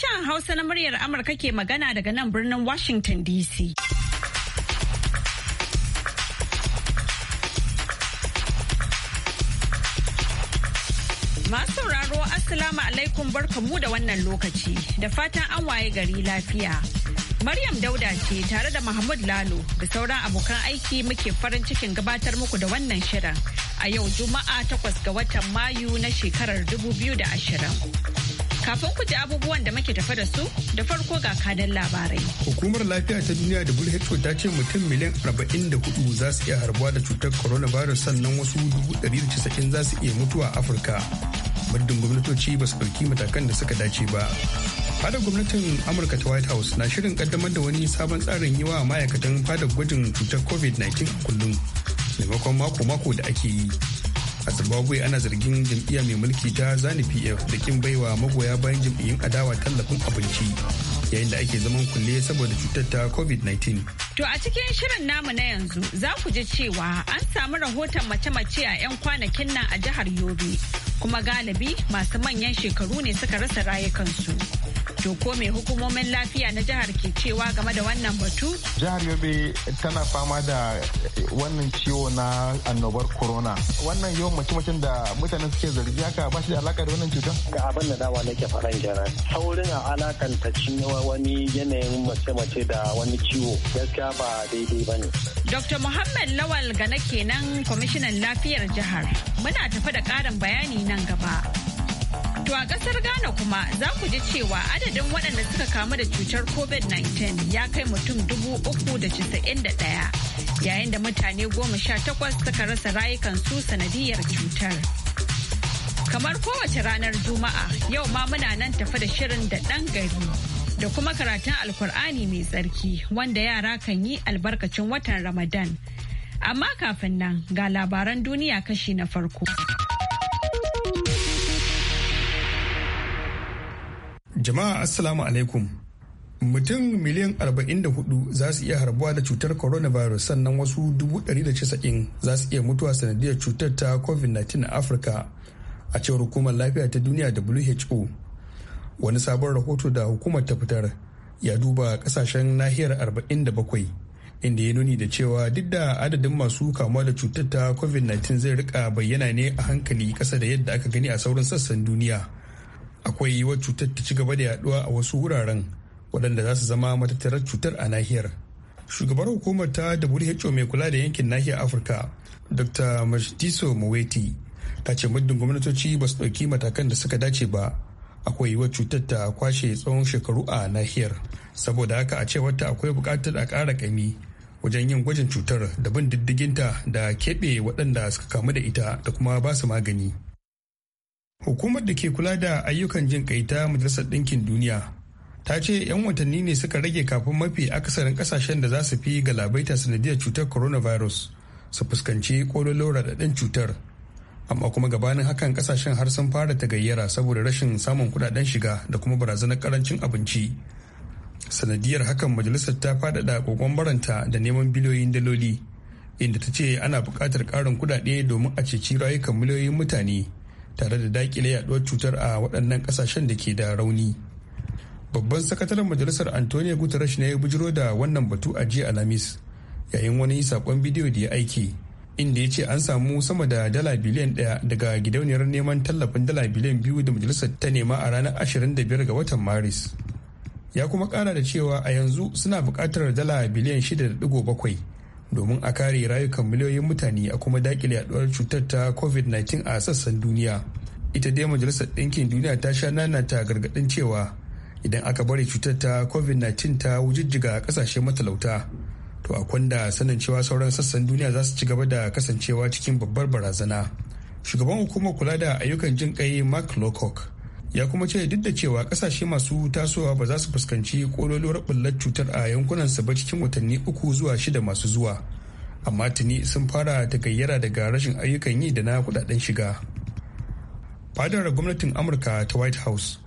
Sashen Hausa na muryar Amurka ke magana daga nan birnin Washington DC. Masu sauraro Assalamu alaikum barkamu da wannan lokaci da fatan an waye gari lafiya. Maryam Dauda ce tare da Mahmud Lalo da sauran abokan aiki muke farin cikin gabatar muku da wannan shirin a yau Juma'a takwas ga watan Mayu na shekarar 2020. Kafin ku ji abubuwan da muke tafa da su da farko ga kadan labarai. Hukumar lafiya ta duniya da WHO ta ce mutum miliyan 44 za su iya harbuwa da cutar coronavirus sannan wasu 190 za su iya mutuwa a Afirka. Muddin gwamnatoci ba su ɗauki matakan da suka dace ba. Fadar gwamnatin Amurka ta White House na shirin kaddamar da wani sabon tsarin yi wa ma'aikatan fadar gwajin cutar COVID-19 kullum. Maimakon mako-mako da ake yi. a zimbabwe ana zargin jam'iyya mai mulki ta zani pf da kin baiwa magoya bayan jam'iyyun adawa tallafin abinci yayin da ake zaman kulle saboda cutar ta covid-19 to a cikin shirin namu na yanzu za ku ji cewa an samu rahoton mace-mace a 'yan kwanakin nan a jihar yobe kuma galibi masu manyan shekaru ne suka rasa rayukansu. To ko me hukumomin lafiya na jihar ke cewa game da wannan batu? Jihar Yobe tana fama da wannan ciwo na annobar corona. Wannan yawan mace-macen da mutane suke zargi haka ba shi da alaka da wannan cutar? Ga abin da dawa nake faɗan kenan. Saurin a alakanta cinyewa wani yanayin mace-mace da wani ciwo gaskiya ba daidai ba ne. Dr. Muhammad Lawal Gana kenan kwamishinan lafiyar jihar. Muna tafi da ƙarin bayani nan gaba. To a kasar Ghana kuma za ku ji cewa adadin waɗanda suka kamu da cutar COVID-19 ya kai mutum dubu uku da casa'in da ɗaya yayin da mutane goma sha takwas suka rasa rayukan su sanadiyar cutar. Kamar kowace ranar Juma'a yau ma muna nan tafi da shirin da ɗan gari da kuma karatun Alkur'ani mai tsarki wanda yara kan yi albarkacin watan Ramadan. Amma kafin nan ga labaran duniya kashi na farko. Jama'a Assalamu alaikum. Mutum miliyan 44 za su iya harbuwa da cutar coronavirus sannan wasu 190 za su iya mutuwa sanadiyar cutar ta COVID-19 a Afirka a cewar hukumar lafiya ta duniya WHO. Wani sabon rahoto da hukumar ta fitar ya duba kasashen nahiyar 47 inda ya nuni da cewa duk da adadin masu kamuwa da cutar ta COVID-19 zai rika bayyana ne a hankali kasa da yadda aka gani a sauran sassan duniya. akwai yiwuwar cutar ta ci gaba da yaduwa a wasu wuraren waɗanda za su zama matattarar cutar a nahiyar shugabar hukumar ta who mai kula da yankin nahiyar afirka dr majdiso muweti ta ce muddin gwamnatoci ba su ɗauki matakan da suka dace ba akwai yiwuwar cutar ta kwashe tsawon shekaru a nahiyar saboda haka a cewar ta akwai buƙatar a ƙara ƙami wajen yin gwajin cutar da bin diddiginta da keɓe waɗanda suka kamu da ita da kuma ba su magani Hukumar da ke kula da ayyukan jin kai ta Majalisar Ɗinkin Duniya ta ce 'yan watanni ne suka rage kafin mafi akasarin kasashen da za su fi galabaita sanadiyar cutar coronavirus su fuskanci kololon raɗaɗin cutar. Amma kuma gabanin hakan kasashen har sun fara ta gayyara saboda rashin samun kudaden shiga da kuma barazanar karancin abinci. Sanadiyar hakan majalisar ta faɗaɗa kokon baranta da neman biliyoyin daloli inda ta ce ana buƙatar ƙarin kudade domin a ceci rayukan miliyoyin mutane. tare da dakile yaduwar cutar a waɗannan ƙasashen da ke da rauni babban sakataren majalisar antonio guterres ne ya bujiro da wannan batu a jiya alhamis yayin wani sakon bidiyo da ya aiki inda ya ce an samu sama da dala biliyan ɗaya daga gidauniyar neman tallafin dala biliyan biyu da majalisar ta nema a ranar 25 ga watan maris ya kuma kara da cewa a yanzu suna buƙatar dala biliyan 6.7 domin a kare rayukan miliyoyin mutane a kuma dakile yaduwar cutar ta covid-19 a sassan duniya ita dai majalisar ɗinkin duniya ta sha nanata gargaɗin cewa idan aka bari cutar ta covid-19 ta wujijjiga ƙasashe matalauta to a kwanda sanin cewa sauran sassan duniya za su ci gaba da kasancewa cikin babbar barazana shugaban hukumar kula da ayyukan jin kai mark lowcock ya kuma ce duk da cewa kasashe masu tasowa ba za su fuskanci kololuwar bullar cutar a yankunansu ba cikin watanni uku zuwa shida masu zuwa amma tuni sun fara ta gayyara daga rashin ayyukan yi da na kudaden shiga fadar gwamnatin amurka ta white house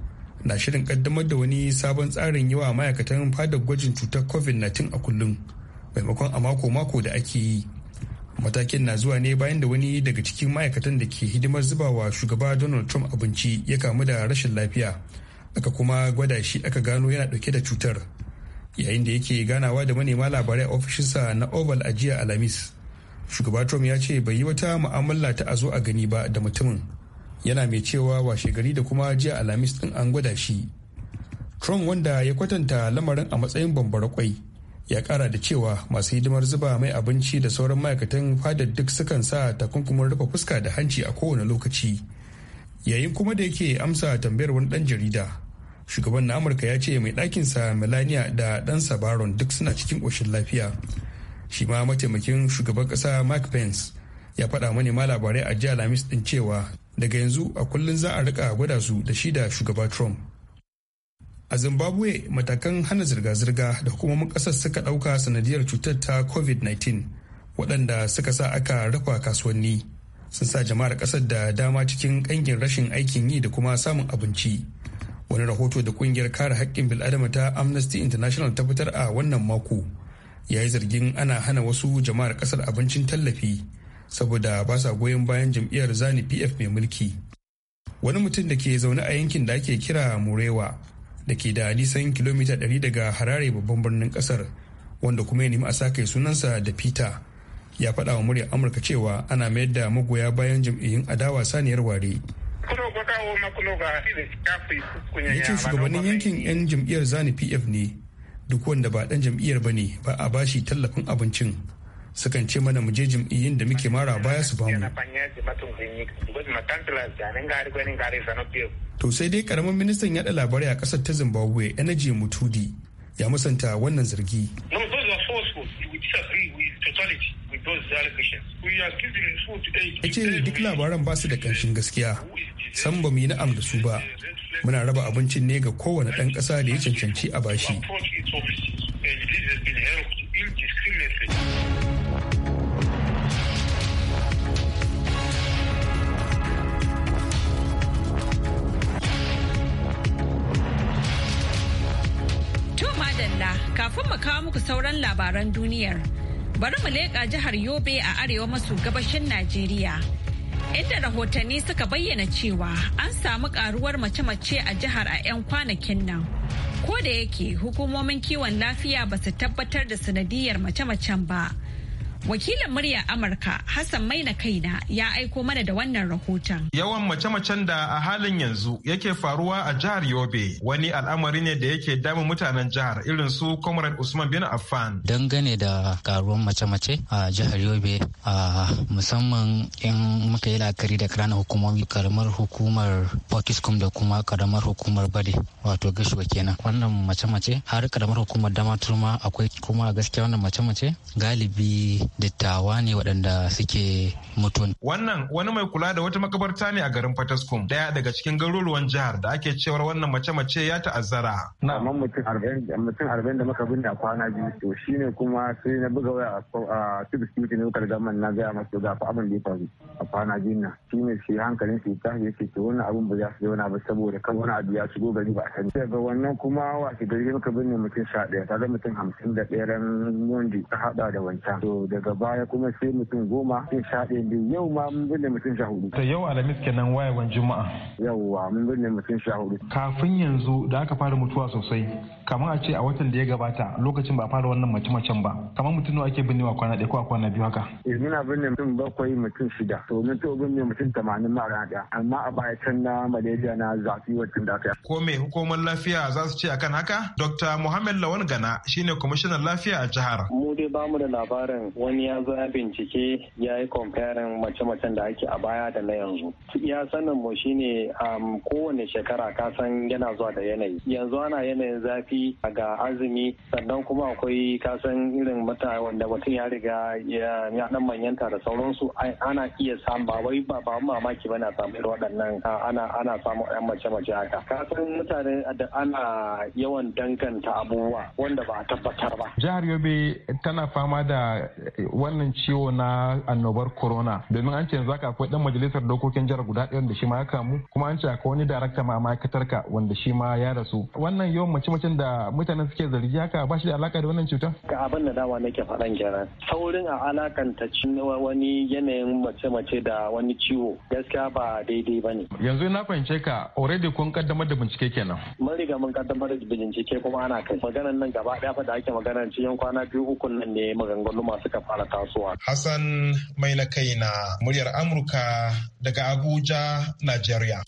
na shirin kaddamar da wani sabon tsarin yawa ma'aikatan fadar gwajin cutar covid-19 a kullum maimakon a mako-mako da ake yi matakin na zuwa ne bayan da wani daga cikin ma'aikatan da ke hidimar zubawa shugaba donald trump abinci ya kamu da rashin lafiya aka kuma gwada shi aka gano yana dauke da cutar yayin da yake ganawa da manema labarai a ofishinsa na oval a jiya alhamis shugaba trump ya ce bai yi wata mu'amala ta a zo a gani ba da mutumin yana mai cewa washe gari da kuma jiya alhamis din an gwada shi trump wanda ya kwatanta lamarin a matsayin bambara kwai ya kara da cewa masu hidimar zuba mai abinci da sauran ma'aikatan fadar duk sukan sa takunkumin rufe fuska da hanci a kowane lokaci yayin kuma da yake amsa tambayar wani dan jarida shugaban na amurka ya ce mai sa melania da dan sabaron duk suna cikin ƙoshin lafiya shi ma mataimakin shugaban ƙasa mike pence ya faɗa manema labarai a jiya lamis ɗin cewa daga yanzu a kullum za a rika gwada su da shi da shugaba trump a zimbabwe matakan hana zirga-zirga da hukumomin kasar suka ɗauka sanadiyar cutar ta covid-19 waɗanda suka sa aka rafa kasuwanni sun sa jama'ar ƙasar da dama cikin ƙangin rashin aikin yi da kuma samun abinci wani rahoto da ƙungiyar kare haƙƙin bil'adama ta amnesty international ta fitar a wannan mako ya yi zargin ana hana wasu jama'ar ƙasar abincin tallafi saboda ba sa goyon bayan jam'iyyar zani pf mai mulki wani mutum da ke zaune a yankin da ake kira murewa da ke da nisan kilomita 100 daga harare babban birnin kasar wanda kuma ya nemi a sake sunansa da peter ya faɗa wa muryar amurka cewa ana mayar da magoya bayan jam'iyyun adawa saniyar ware yace shugabannin yankin 'yan jam'iyyar zani pf ne duk wanda ba ɗan jam'iyyar ba ne ba a bashi tallafin abincin sukan ce mana mu je jam'iyyun da muke mara baya su bamu. To sai dai karamin ministan yaɗa labarai a ƙasar ta Zimbabwe Energy Mutudi ya musanta wannan zargi. Ya ce duk labaran ba su da ƙanshin gaskiya, san ba mu yi na'am da su ba, muna raba abincin ne ga kowane ɗan ƙasa da ya cancanci a bashi. Bala kafin mu kawo muku sauran labaran duniyar. Bari mu leƙa jihar Yobe a arewa maso gabashin Najeriya. Inda rahotanni suka bayyana cewa an samu karuwar mace-mace a jihar a 'yan kwanakin nan. Ko da yake hukumomin kiwon lafiya ba su tabbatar da sanadiyar mace-macen ba. Wakilin murya Amurka Hassan Maina Kaina ya aiko mana da wannan rahoton. Yawan mace-macen da a halin yanzu yake faruwa a jihar Yobe wani al'amari ne da yake damun mutanen jihar irin su Comrade Usman bin Affan. Dangane da karuwan mace-mace a jihar Yobe a musamman in muka yi la'akari da ƙananan hukumomi karamar hukumar Pakistan da kuma karamar hukumar Bade wato gashuwa kenan. Wannan mace-mace har karamar hukumar Damaturma akwai kuma gaskiya wannan mace-mace galibi dattawa ne waɗanda suke mutun. Wannan wani mai kula da wata makabarta ne a garin Fataskum daya daga cikin garuruwan jihar da ake cewar wannan mace-mace ya ta'azzara. Na man mutum arba'in da muka binne a kwana biyu to shine kuma sai na buga waya a cikin security ne gaman na gaya masa ga fa abin da ya faru a kwana biyu na shine shi hankalin shi ta ya ce wannan abin ba za su zauna ba saboda kan wani abu ya shigo gari ba a sani. Daga wannan kuma wasu gari muka binne mutum sha ɗaya tare mutum hamsin da ɗaya ran mundi ta haɗa da wancan. To daga baya kuma sai mutum goma sai sha ɗaya biyu yau ma mun binne mutum sha hudu. ta yau alhamis kenan wayewan juma'a. yauwa mun binne mutum sha hudu. kafin yanzu da aka fara mutuwa sosai kamar a ce a watan da ya gabata lokacin ba a fara wannan mace-macen ba kamar mutum nawa ake wa kwana ɗaya ko a kwana biyu haka. eh muna binne mutum bakwai mutum shida to mun to binne mutum tamanin mara ɗaya amma a baya can na malaria na zafi wacin da aka ko me hukumar lafiya za su ce akan haka dr muhammad lawan gana shine kwamishinan lafiya a jihar. mu dai mu da labarin wani wani ya zo ya bincike ya yi comparing mace-macen da ake a baya da na yanzu ya sanin mu shine um, kowane shekara ka san yana zuwa da yanayi yanzu ana yanayin zafi ga azumi sannan kuma akwai kasan irin mata wanda mutum ya riga ya dan manyanta da sauransu ana iya samu ba wai ba ba mamaki ba na samu irin waɗannan ana ana samu ɗan mace-mace haka san mutane da ana yawan danganta abubuwa wanda ba a tabbatar ba jihar yobe tana fama da wannan ciwo na annobar corona domin an ce yanzu haka akwai dan majalisar dokokin jihar guda ɗaya da shi ma ya kamu kuma an ce akwai wani darakta ma ma'aikatar ka wanda shi ma ya rasu wannan yawan mace-macen da mutanen suke zargi haka ba shi da alaka da wannan cuta ga abin da dawa nake faɗan kenan saurin a alakanta wani yanayin mace-mace da wani ciwo gaskiya ba daidai ba ne yanzu na fahimce ka already kun kaddamar da bincike kenan mun riga mun kaddamar da bincike kuma ana kai maganar nan gaba ɗaya fa da ake maganar cikin kwana biyu uku nan ne maganganu masu kafa fara tasowa. Hassan mai na kai muryar Amurka daga Abuja, Najeriya.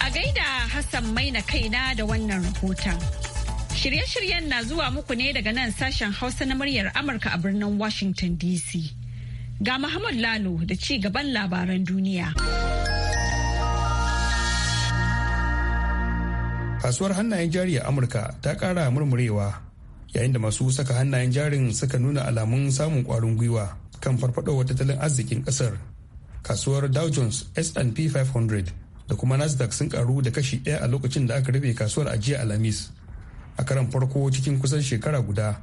A gaida Hassan mai na kaina da wannan rahoton. Shirye-shiryen na zuwa muku ne daga nan sashen Hausa na muryar Amurka a birnin Washington DC. Ga Muhammad Lalo da ci gaban labaran duniya. kasuwar hannayen jari a amurka ta kara murmurewa yayin da masu saka hannayen jarin suka nuna alamun samun kwarin gwiwa kan farfadowar tattalin arzikin kasar kasuwar dow jones s&p 500 da kuma nasdaq sun karu da kashi ɗaya a lokacin da aka rufe kasuwar ajiya alhamis a karan farko cikin kusan shekara guda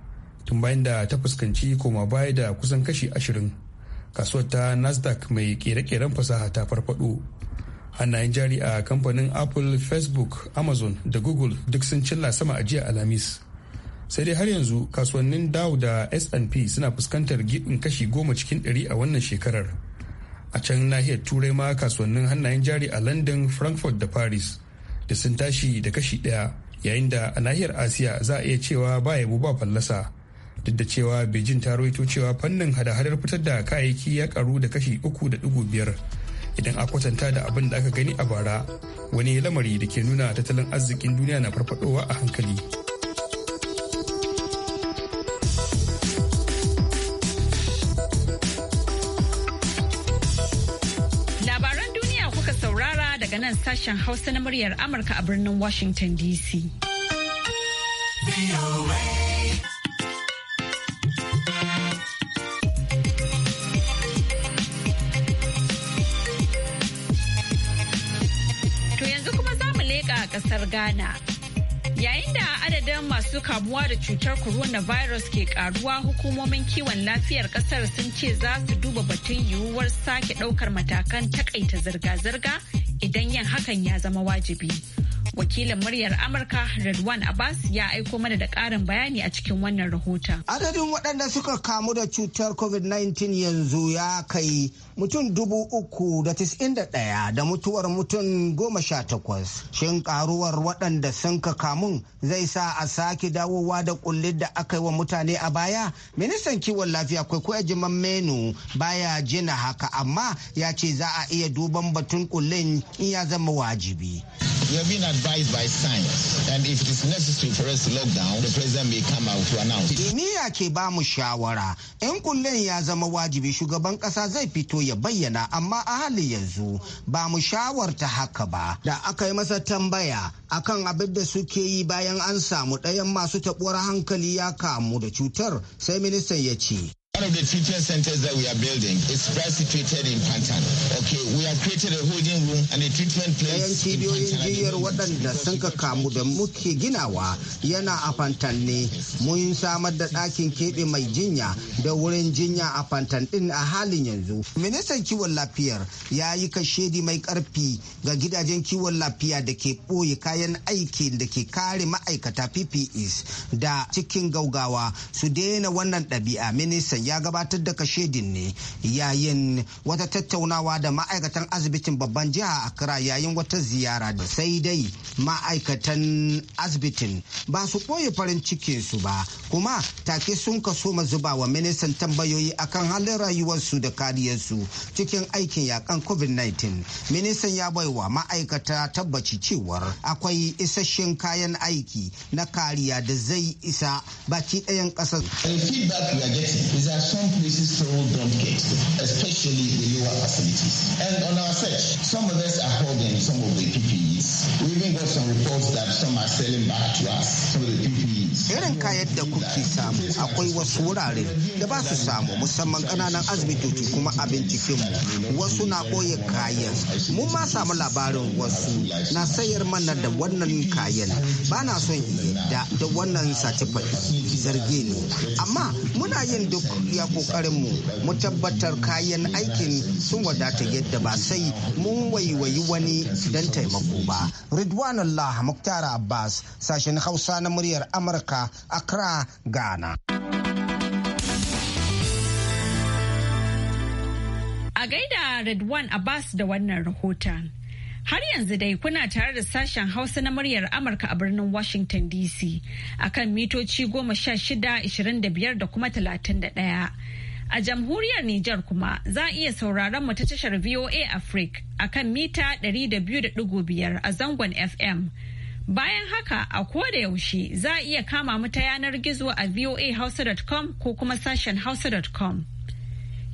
tun bayan da ta fuskanci koma baya da kusan kashi ashirin kasuwar ta nasdaq mai kere-keren fasaha ta farfado hannayen jari a kamfanin apple facebook amazon da google duk sun cilla sama a jiya alhamis sai dai har yanzu kasuwannin dow da S&P suna fuskantar gidin kashi goma cikin ɗari a wannan shekarar a can nahiyar turai ma kasuwannin hannayen jari a london frankfurt da paris da sun tashi da kashi ɗaya yayin da a nahiyar asiya za a iya cewa ba yabo ba fallasa duk da cewa beijing ta rawaito cewa fannin hada-hadar fitar da kayayyaki ya karu da kashi uku da biyar idan a kwatanta da abin da aka gani a bara wani lamari da ke nuna tattalin arzikin duniya na farfadowa a hankali labaran duniya kuka saurara daga nan sashen hausa na muryar amurka a birnin washington dc Ghana. Yayin da adadin masu kamuwa da cutar coronavirus ke karuwa hukumomin kiwon lafiyar kasar sun ce za su duba batun yiwuwar sake daukar matakan takaita zirga-zirga idan yin hakan ya zama wajibi. Wakilin muryar Amurka Redwan Abbas ya aiko mana da karin bayani a cikin wannan rahoton. Adadin waɗanda suka kamu da cutar COVID-19 yanzu ya kai mutum dubu uku da tis'in da ɗaya da mutuwar mutum goma sha takwas. Shin karuwar waɗanda sun ka kamun zai sa a sake dawowa da ƙullin da aka yi wa mutane a baya? Ministan kiwon lafiya kwaikwayo jiman menu baya jina haka amma ya ce za a iya duban batun kulle in ya zama wajibi. advised by science. And if it is necessary for us to lock down, the president may come out to announce. ya ke ba mu shawara. yan kullum ya zama wajibi shugaban kasa zai fito ya bayyana amma a hali yanzu ba mu shawarta haka ba. Da aka yi masa tambaya akan abin da suke yi bayan an samu ɗayan masu taɓuwar hankali ya kamu da cutar sai ministan ya ce. One of the treatment centers that we are building is situated in Pantan. Okay, we have created a holding room and a treatment place. cibiyoyin jiyar waɗanda sun ka kamu da muke ginawa yana a Pantan ne. Mun samar da ɗakin keɓe mai jinya da wurin jinya a Pantan ɗin a halin yanzu. Ministan kiwon lafiyar ya yi kashedi mai ƙarfi ga gidajen kiwon lafiya da ke ɓoye kayan aiki da ke kare ma'aikata PPEs da cikin gaugawa su daina wannan ɗabi'a ministan ya gabatar da kashedin ne yayin wata tattaunawa da ma'aikatan asibitin babban jiha a kira yayin wata ziyara da sai dai ma'aikatan asibitin ba su ɓoye farin cikin su ba kuma take sun kaso zuba wa ministan tambayoyi akan halin rayuwarsu da kariyarsu cikin aikin yakan covid-19 ministan ya baiwa ma'aikata tabbaci cewar akwai isasshen kayan aiki na kariya da zai isa baki ɗayan ƙasar. are some places people don't get, especially the lower facilities. And on our search, some of us are holding some of the PPEs. We even got some reports that some are selling back to us some of the PPEs. Irin kayan da kuke samu akwai wasu wurare da ba su samu musamman kananan asibitoci kuma a mu wasu na ɓoye kayan. Mun ma samu labarin wasu na sayar mana da wannan kayan ba na son yi da wannan satifai zarge ne amma muna yin duk iya ƙoƙarinmu mu tabbatar kayan aikin sun wadata yadda ba sai mun waiwayi wani don taimako ba. Ridwan Allah Muktar Abbas sashen Hausa na muryar Amurka Accra Ghana. A gaida Ridwan Abbas da wannan rahoton. Har yanzu dai kuna tare da sashen Hausa na muryar Amurka a birnin Washington DC a kan mitoci goma sha shida ishirin da kuma talatin da ɗaya. A jamhuriyar Nijar kuma za a iya sauraron mu ta tashar VOA Africa a kan mita ɗari da biyu da ɗigo biyar a zangon FM. Bayan haka a koda yaushe za a iya kama mu ta yanar gizo a voahausa.com ko kuma sashen hausa.com.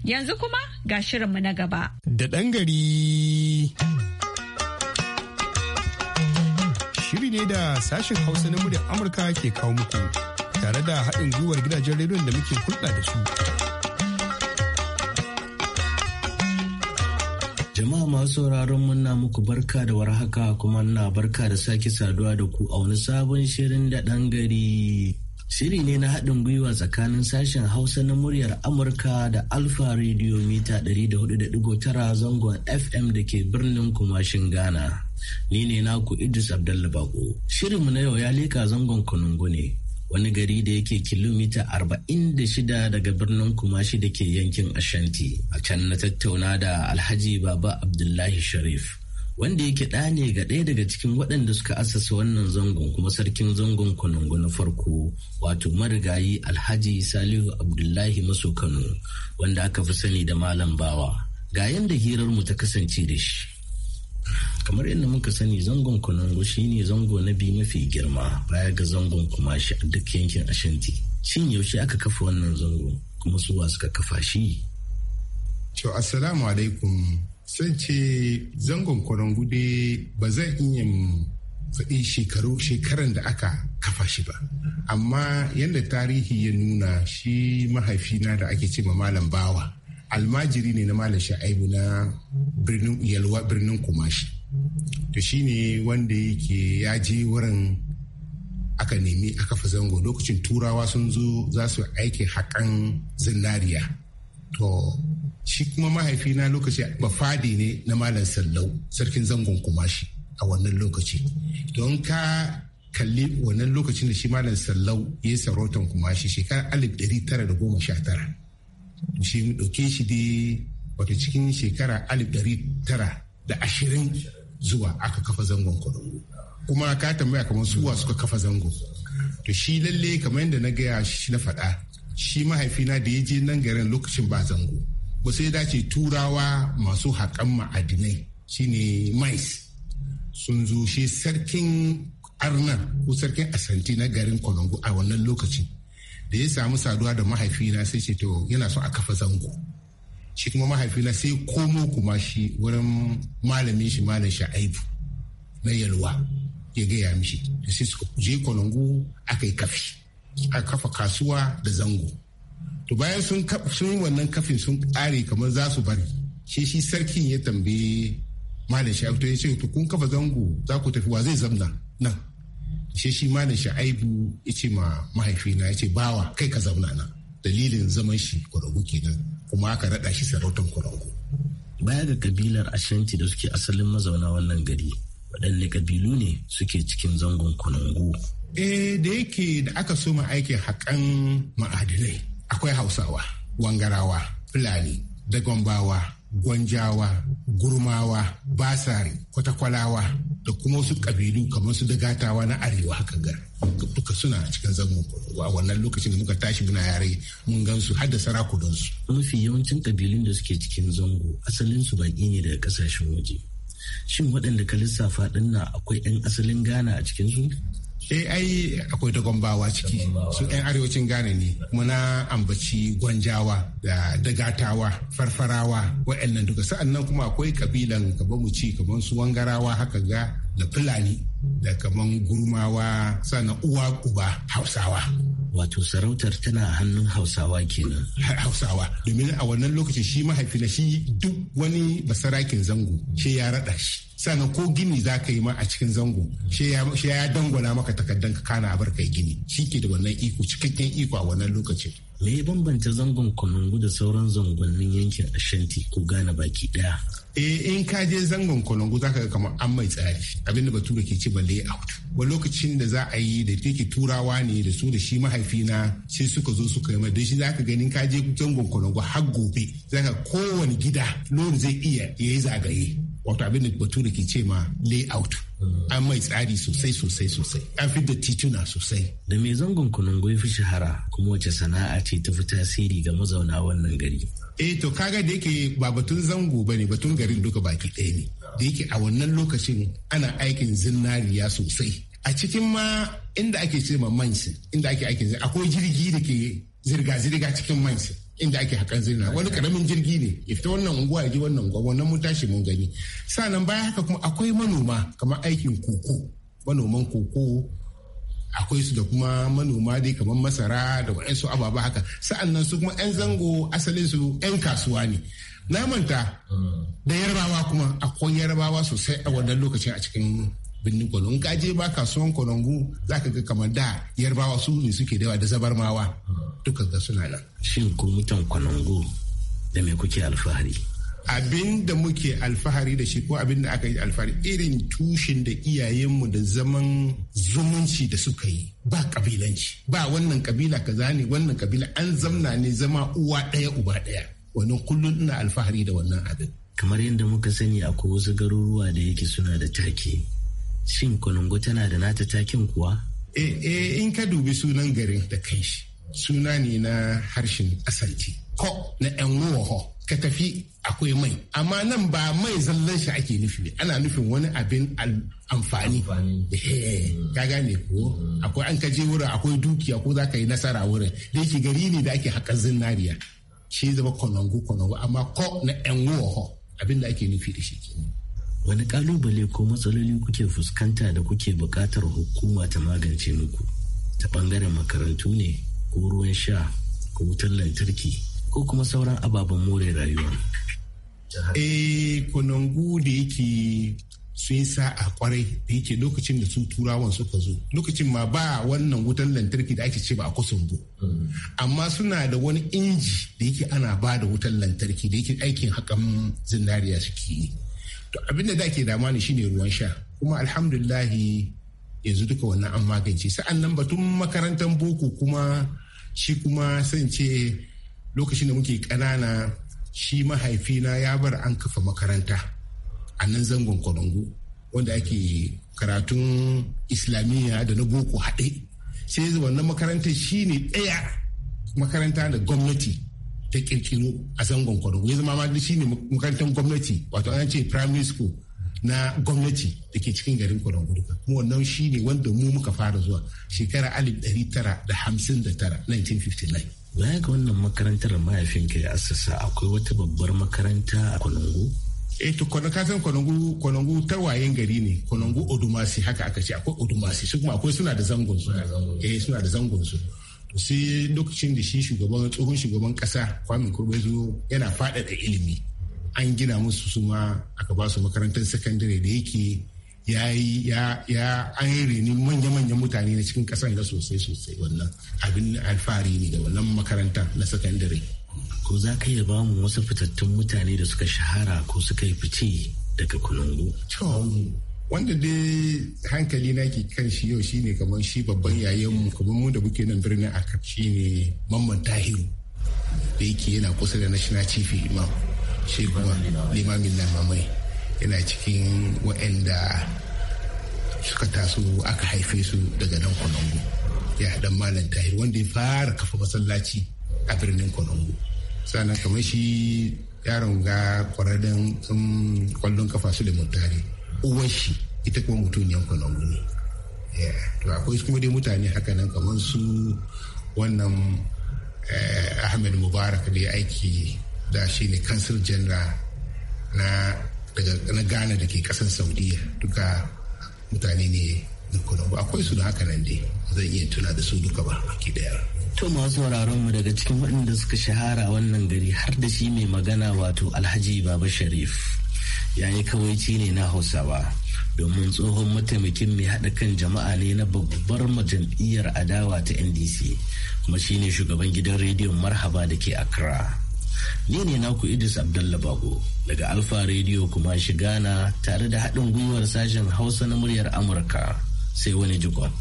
Yanzu kuma ga shirinmu na gaba. Da ɗan gari. ne da sashen hausa na muryar amurka ke kawo muku tare da haɗin gwiwar gidajen rediyon da muke hulɗa da su jama'a masu sauraron muna muku barka da warhaka kuma na barka da sake saduwa da ku a wani sabon shirin da ɗan gari shiri ne na haɗin gwiwa tsakanin sashen hausa na muryar amurka da alfa radio mita 104.9 zangon fm da ke birnin kumashin ghana Ni ne naku Idris Abdalla Bako. Shirinmu na yau ya leka zangon Kanungu ne, wani gari da yake kilomita arba'in da shida daga birnin Kumashi da ke yankin Ashanti. A can na tattauna da Alhaji Baba Abdullahi Sharif. Wanda yake ɗa ne ga ɗaya daga cikin waɗanda suka asasa wannan zangon kuma sarkin zangon Kanungu na farko wato marigayi Alhaji Salihu Abdullahi Maso Kano wanda aka fi sani da Malam Bawa. Ga yadda hirarmu ta kasance da shi. kamar yadda muka sani zangon kunango shine zango na biyu mafi girma baya ga zangon kumashi a duk yankin ashanti shin yaushe aka kafa wannan zango kuma suwa suka kafa shi to assalamu alaikum san ce zangon kunango dai ba zan iya faɗi shekaru shekaran da aka kafa shi ba amma yadda tarihi ya nuna shi mahaifina da ake ce malam bawa almajiri ne na malam sha'ibu na birnin yalwa birnin kumashi to shi ne wanda yake ya je wurin aka nemi aka fi zango lokacin turawa sun zo za su aiki haƙan zinariya to shi kuma mahaifina lokaci bafadi ne na malam sallau sarkin zangon kumashi a wannan lokaci don ka kalli wannan lokacin da shi malam sallau ya yi kuma kumashi shekarar 1919 shi mu ɗauke shi dai wata cikin shekara 1920 zuwa aka kafa zangon kwarongo kuma ka tambaya kamar suwa suka kafa zango to shi lalle kamar yadda na gaya shi na faɗa shi mahaifina da ya je nan garin lokacin ba zango ba sai dace turawa masu haƙan ma'adinai shine mais sun zo shi sarkin arnar ko sarkin asanti na garin kolongo a wannan lokacin da ya samu saduwa da mahaifina sai ce to yana so a kafa zango shi kuma mahaifina sai komo kuma shi wurin malamin shi malam sha'aibu na yalwa ya gaya mishi da sai suka je kwanangu aka yi kafi a kafa kasuwa da zango to bayan sun yi wannan kafin sun kare kamar za su bari shi shi sarkin ya tambaye malam sha'aibu to ya ce to kun kafa zango za ku tafi wa zai zamna nan shi shi malam sha'aibu ya ce ma mahaifina ya ce bawa kai ka zauna nan dalilin zaman shi kwarangu kenan kuma aka raɗa shi sarautar kwarangu. Baya ga kabilar Ashanti da suke asalin mazauna wannan gari, waɗanne kabilu ne suke cikin zangon kwarangu. Eh da yake da aka so ma aikin haƙan ma'adinai akwai Hausawa, Wangarawa, Fulani, Dagombawa, gwanjawa gurmawa basari kwatakwalawa da kuma wasu kabilu kamar su dagatawa na arewa haka gar duka suna cikin zango a wannan lokacin da muka tashi muna yare mun gansu har da su mafi yawancin kabilun da suke cikin zango asalin su baki ne daga kasashen waje shin waɗanda ka lissafa ɗin na akwai 'yan asalin ghana a cikinsu eh ai akwai ta gombawa ciki su yan arewacin gane ne muna ambaci gwanjawa da dagatawa farfarawa wa'annan duka sa'annan kuma akwai kabilan gaba mu ci kamar su wangarawa haka ga da fulani da kamar gurmawa sana uwa uba hausawa wato sarautar tana hannun hausawa kenan hausawa domin a wannan lokacin shi mahaifi na shi duk wani basarakin zango shi ya raɗa shi sannan ko gini za ka yi ma a cikin zango shi ya dangwala maka takardan ka kana bar kai gini shi ke da wannan iko cikakken iko a wannan lokacin me ya bambanta zangon kunungu da sauran zangonnin yankin ashanti ko gane baki daya eh in ka je zangon kunungu za ka ga kamar an mai tsari abin da bature ke ci ba layout ba lokacin da za a yi da take turawa ne da su da shi mahaifina sai suka zo suka yi ma da shi za ka gani ka je zangon kunungu har gobe za ka kowane gida lori zai iya ya yi zagaye wato abin da bature ke ce ma layout hmm. an mai tsari sosai sosai sosai an fi da tituna sosai da mai zangon kunun goyi fi shahara kuma wace sana'a ce ta fi tasiri ga mazauna wannan gari eh to kaga da yake ba batun zango ba ne batun garin duka baki ɗaya ne da yake a wannan lokacin ana aikin zinariya sosai a cikin ma inda ake ce ma mansin inda ake aikin akwai jirgi da ke zirga-zirga cikin mansin inda ake hakan zina wani karamin jirgi ne ya fita wannan unguwa ya ji wannan unguwa wannan mun tashi mun gani sannan baya haka kuma akwai manoma kamar aikin koko manoman koko akwai su da kuma manoma dai kamar masara da waɗansu ababa haka sa'annan su kuma 'yan zango asalin su 'yan kasuwa ne na manta hmm. da yarbawa kuma akwai yarbawa sosai a wannan lokacin a cikin birnin kwalon ka je ba kasuwan kwalongu za ka ga kamar da yarbawa su ne suke da da zabarmawa duka ga suna nan shin ku mutan kwalongu da me kuke alfahari abin da muke alfahari da shi ko abin da aka yi alfahari irin tushen da iyayenmu da zaman zumunci da suka yi ba kabilanci ba wannan kabila kaza ne wannan kabila an zamna ne zama uwa ɗaya uba ɗaya wannan kullum ina alfahari da wannan abin kamar yadda muka sani akwai wasu garuruwa da yake suna da take shin Kunungu tana da nata takin kuwa? Eh, eh, in ka dubi sunan garin da kai shi, suna ne na harshen asalci. Ko na ‘yan wuwa ka tafi akwai mai. Amma nan ba mai zallan shi ake nufi, ne ana nufin wani abin amfani. Eh, mm. Ka gane ko? Mm. Akwai an kaje wurin akwai dukiya ko za ka yi nasara wurin. Da yake gari ne da ake haƙar zinariya. Shi zama konongo konongo amma ko na ‘yan wuwa abin da ake nufi da shi kenan. wani kalubale ko matsaloli kuke fuskanta da kuke buƙatar hukuma ta magance muku ta ɓangaren makarantu ne ko ruwan sha ko wutar lantarki ko kuma sauran ababen more rayuwa e da yake sun sa a kwarai da yake lokacin da sun turawan suka zo lokacin ma ba wannan wutar lantarki da ake ce ba a kusan bu amma suna da wani inji da yake ana ba da wutan lantarki da yake aikin hakan zinariya suke yi to abin da ke damuwa ne shine ruwan sha kuma alhamdulillah yanzu duka wannan an magance sa'an nan batun makarantar boko kuma shi kuma san ce lokacin da muke ƙanana shi mahaifina ya bar an kafa makaranta a nan zangon kwarango wanda ake karatun islamiyya da na boko haɗe sai wannan makarantar shi ɗaya makaranta da gwamnati ta kirkiro a zangon kwaro ya zama ma shi ne makarantar gwamnati wato an ce primary school na gwamnati da ke cikin garin kwaron gurka kuma wannan shi ne wanda mu muka fara zuwa shekara alif dari tara da hamsin da tara 1959 baya ga wannan makarantar mahaifinka ya asasa akwai wata babbar makaranta a kwanangu eto eh, kasan kwanangu kwanangu tarwayen gari ne kwanangu odumasi haka aka ce akwai odumasi su kuma akwai suna da zangon su eh suna da zangon su sai lokacin da shi shugaban tsohon shugaban kasa kwamin kurbai yana faɗaɗa ilimi an gina musu su ma aka ba su makarantar sakandare da yake ya yi ya an reni manya-manyan mutane na cikin kasan ga sosai sosai wannan abin alfahari ne da wannan makaranta na sakandare ko za ka iya bamu wasu fitattun mutane da suka shahara ko suka yi fice daga kulungu wanda dai hankali na ke kan shi yau shi ne kamar shi babban yayan mu kamar mu da muke nan birnin aka ne mamman tahiru da yake yana kusa da national chief imam shi kuma limamin na mamai yana cikin wa'anda suka taso aka haife su daga nan kwanango ya dan malam tahir wanda ya fara kafa masallaci a birnin kwanango sannan kamar shi yaron ga kwararren kwallon um, kafa su da mutane uwar shi ita kuma mutuniyar kwalangu ne to akwai kuma dai mutane haka nan kamar su wannan eh, ahmed mubarak da ya aiki da shi ne kansil jenra na ghana da ke kasar saudiya duka mutane ne na akwai su da haka nan dai zan iya tuna da su duka ba baki daya To masu mu daga cikin waɗanda suka shahara wannan gari har da shi mai magana wato Alhaji Baba Sharif. ya yi kawaici ne na hausawa domin tsohon mataimakin mai haɗa kan jama'a ne na babbar majam'iyyar adawa ta ndc kuma shine shugaban gidan rediyon marhaba da ke accra ni ne naku idris abdullah bago daga alfa rediyo kuma shi na tare da haɗin gwiwar sashen hausa na muryar amurka sai wani jikon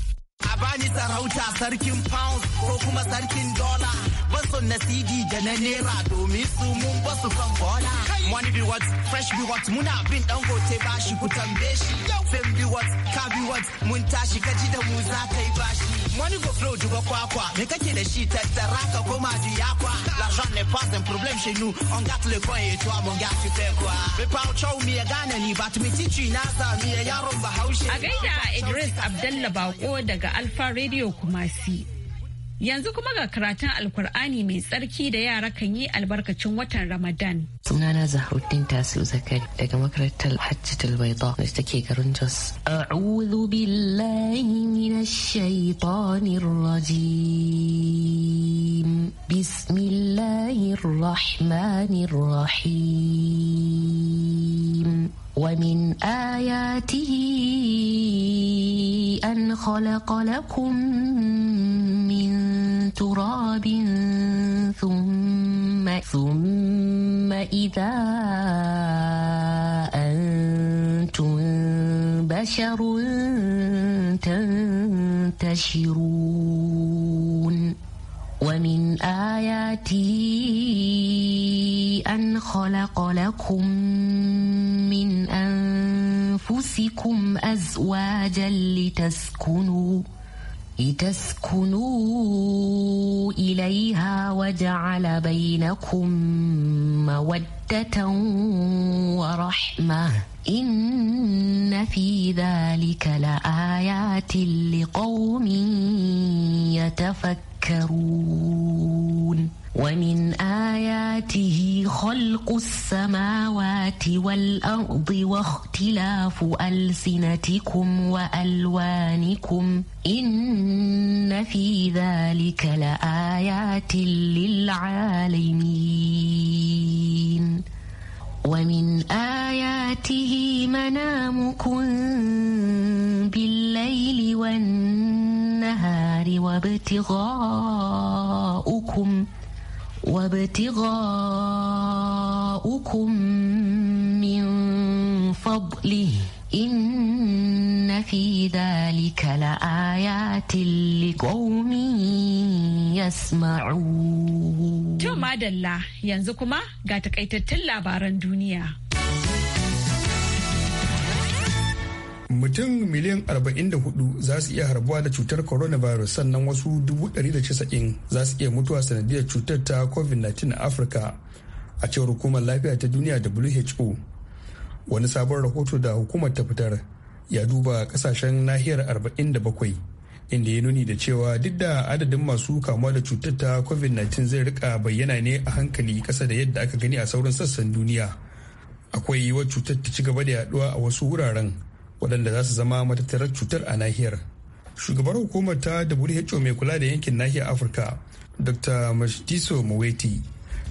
bani sarauta sarkin pounds ko kuma sarkin dola basu na cd da na naira domin su mun basu kan bola wani what fresh what muna bin dangote bashi ku tambe shi fem biwat ka what mun tashi kaji da mu za ka yi bashi wani go flow duba kwakwa. Mais kake da shi tattara ka koma diyakwa. L'argent n'est pas un problème chez nous. On gâte le coin et toi mon gars tu fais quoi? mi gane ni ba tumi cici na sami ya yaron bahaushe. A gaida Idris Abdalla Bako daga Alfa Radio Kumasi. Yanzu kuma ga karatun Alkur'ani mai tsarki da yara kan yi albarkacin watan Ramadan. Sunana Zahruddin Tasiu Zakari daga makarantar Hajjatul Baida da take garin Jos. A'udhu billahi minash shaitanir rajim. بسم الله الرحمن الرحيم ومن آياته أن خلق لكم من تراب ثم ثم إذا أنتم بشر تنتشرون ومن آياته أن خلق لكم من أنفسكم أزواجا لتسكنوا لتسكنوا إليها وجعل بينكم مودة ورحمة إن في ذلك لآيات لقوم يتفكرون تذكرون ومن آياته خلق السماوات والأرض واختلاف ألسنتكم وألوانكم إن في ذلك لآيات للعالمين ومن آياته منامكم بالليل والنهار وابتغاؤكم وابتغاؤكم من فضله إن في ذلك لآيات لقوم يسمعون تو مادلا ينزكما غاتك ايتتلا باران duniya. mutum miliyan 44 za su iya harbuwa da cutar coronavirus sannan wasu dubu 190 za su iya mutuwa sanadiyar cutar ta covid-19 a afirka a cewar hukumar lafiya ta duniya who wani sabon rahoto da hukumar ta fitar ya duba kasashen nahiyar 47 inda ya nuni da cewa duk da adadin masu kamuwa da cutar ta covid-19 zai rika bayyana ne a hankali kasa da yadda aka gani a sauran sassan duniya akwai yiwuwar cutar ta ci gaba da yaduwa a wasu wuraren waɗanda za su zama matattarar cutar a nahiyar shugabar hukumar ta who mai kula da yankin nahiyar afirka dr mastiso moweti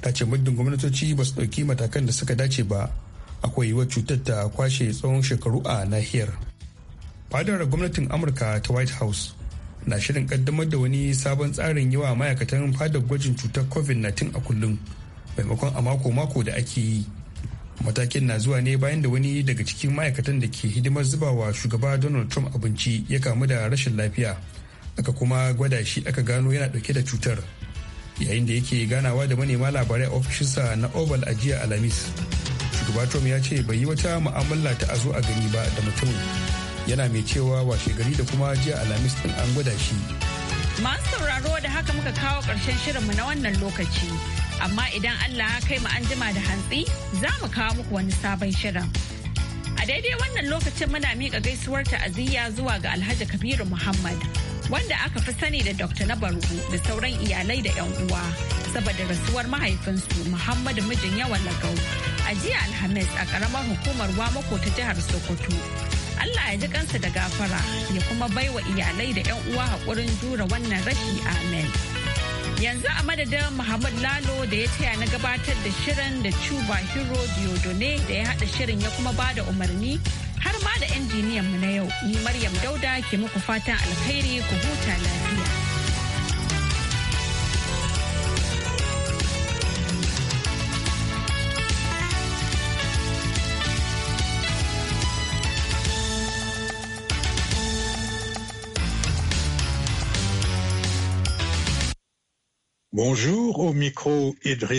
ta ce muddin gwamnatoci ba su ɗauki matakan da suka dace ba akwai yiwuwar cutar ta kwashe tsawon shekaru a nahiyar fadar gwamnatin amurka ta white house na shirin kaddamar da wani sabon tsarin yawa ma'aikatan fadar gwajin cutar covid-19 a kullum maimakon a mako-mako da ake yi matakin na zuwa ne bayan da wani daga cikin ma'aikatan da ke hidimar zubawa shugaba donald trump abinci ya kamu da rashin lafiya aka kuma gwada shi aka gano yana dauke da cutar yayin da yake ganawa da manema labarai a ofishinsa na oval a jiya alhamis Tubatom ya ce bai yi wata mu'amala ta azo a gani ba da mutum yana mai cewa washe gari da kuma jiya alamis din an gwada shi. Masu sauraro da haka muka kawo ƙarshen shirinmu na wannan lokaci. Amma idan Allah kai mu anjima da hantsi za mu kawo muku wani sabon shirin. A daidai wannan lokacin muna miƙa gaisuwar ta'aziyya zuwa ga Alhaji Kabiru Muhammad. wanda aka fi sani da Dr. na da sauran iyalai da 'yan uwa saboda rasuwar mahaifinsu Muhammadu mijin yawan lagau a jiya Alhamis a karamar hukumar Wamako ta jihar Sokoto. Allah ya ji kansa da gafara ya kuma baiwa iyalai da 'yan uwa haƙurin jura wannan rashi amen. Yanzu a madadin Muhammad Lalo da ya taya na gabatar da shirin da Cuba Hero Diodone da ya haɗa shirin ya kuma ba da umarni har ma da injiniyan mu na yau ni Maryam Dauda ke muku fatan alkhairi ku huta lafiya. Bonjour, au micro Idriss